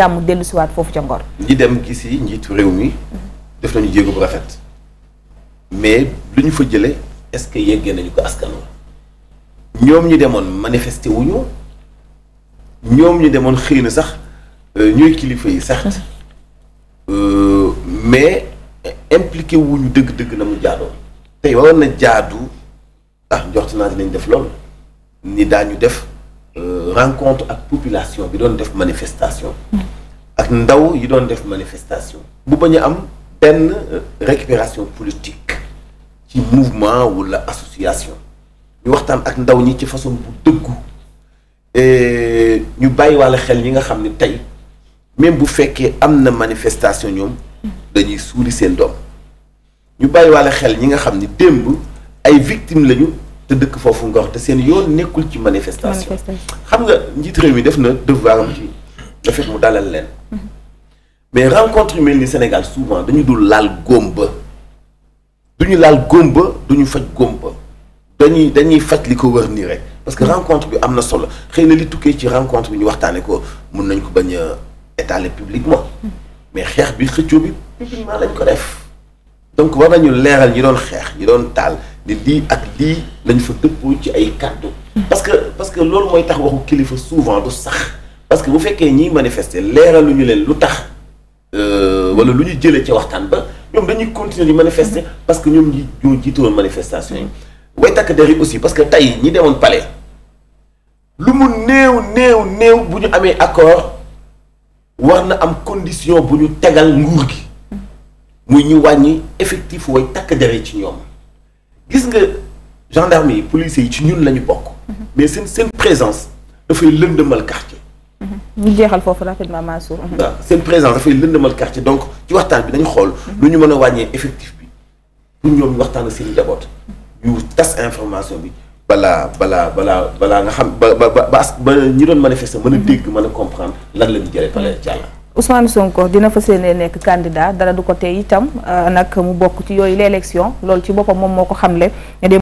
jàmm dellu si foofu ca Ngor. dem gis yi réew mi. def nañu jéego bu rafet. mais lu ñu fa jëlee est-ce que yeggee nañu ko askan ñoom ñu demoon manifester wuñu ñoom ñu demoon xëy na sax euh, ñooy kilifa yi certes. Mm-hmm. Euh, mais impliqué wuñu dëgg-dëgg na mu jaadoo tey waroon na jaadu ah njort naa dinañ def loolu ni daañu def euh, rencontre ak population bi doon def manifestation. ak ndaw yi doon def manifestation bu bañ a am benn euh, récupération politique ci mouvement wala association ñu waxtaan ak ndaw ñi ci façon bu dëggu ñu bàyyi wàlla xel ñi nga xam ne tey mais bu fekkee am na manifestation ñoom dañuy suuli seen doom ñu bàyyi wàlla xel ñi nga xam ni démb ay victimes lañu te dëkk foofu ngor te seen yoon nekkul ci manifestation xam nga njiit réew mi def na devoiram ci dafet mu dalal leen mais rencontre yu mel ni Sénégal souvent dañu dul laal góomba du ñu laal góomba du ñu faj góomba dañuy dañuy faj li ko wër nii rek parce que rencontre bi am na solo xëy na li tukkee ci rencontre bi ñu waxtaanee ko mun nañ ko bañ a étaler publiquement mais xeex bi xëccoo bi publiquement lañ ko def donc war nañu leeral ñi doon xeex ñi doon taal ni lii ak lii lañ fa dëppoo ci ay kàddu parce que parce que loolu mooy tax waxu kilifa souvent du sax parce que bu fekkee ñiy manifester leeralu ñu leen lu tax euh, wala lu ñu jëlee ca waxtaan ba ñoom dañuy continuer di manifester parce que ñoom ñi ñoo jiitoon manifestation yi way takk der yi aussi parce que tey ñi demoon palais lu mu néew néew néew bu ñu amee accord war na am condition bu ñu tegal nguur gi muy ñu wàññi effectif way takk der yi ci ñoom gis nga gendarme yi policiers yi ci ñun la ñu bokk mm-hmm. mais seen seen présence dafay lëndëmal carte ñu jeexal foofu rapidement Mansour. waaw seen présence dafay lëndëmal quartier donc ci waxtaan bi dañu xool lu ñu mën a wàññee effectif bi pour ñoom ñu waxtaan ak seen i yu tas information bi balaa balaa balaa balaa nga xam ba ba ba ñi doon manifester mën a dégg mën a comprendre lan la ñu jëlee pare a mm-hmm. Ousmane Sonko dina fas yéene nekk candidat dara du ko tey itam euh, nag mu bokk ci yooyu l'élection loolu ci boppam moom moo ko xamle.